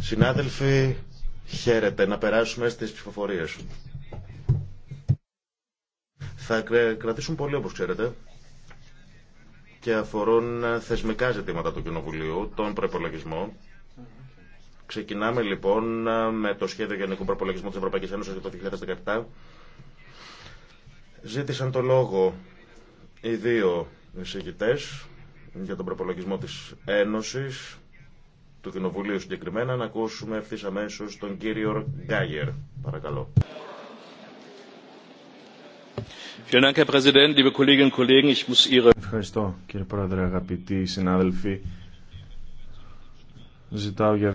Συνάδελφοι, χαίρετε να περάσουμε στις ψηφοφορίες. Θα κρατήσουν πολύ όπως ξέρετε και αφορούν ε, θεσμικά ζητήματα του Κοινοβουλίου, τον προπολογισμό. Ξεκινάμε λοιπόν ε, με το σχέδιο Γενικού Προπολογισμού της Ευρωπαϊκής Ένωσης για το 2017. Ζήτησαν το λόγο οι δύο εισηγητές για τον προπολογισμό της Ένωσης, του Κοινοβουλίου συγκεκριμένα, να ακούσουμε ευθύ αμέσω τον κύριο Γκάγερ. Παρακαλώ. Ευχαριστώ κύριε Πρόεδρε, αγαπητοί συνάδελφοι. Ζητάω για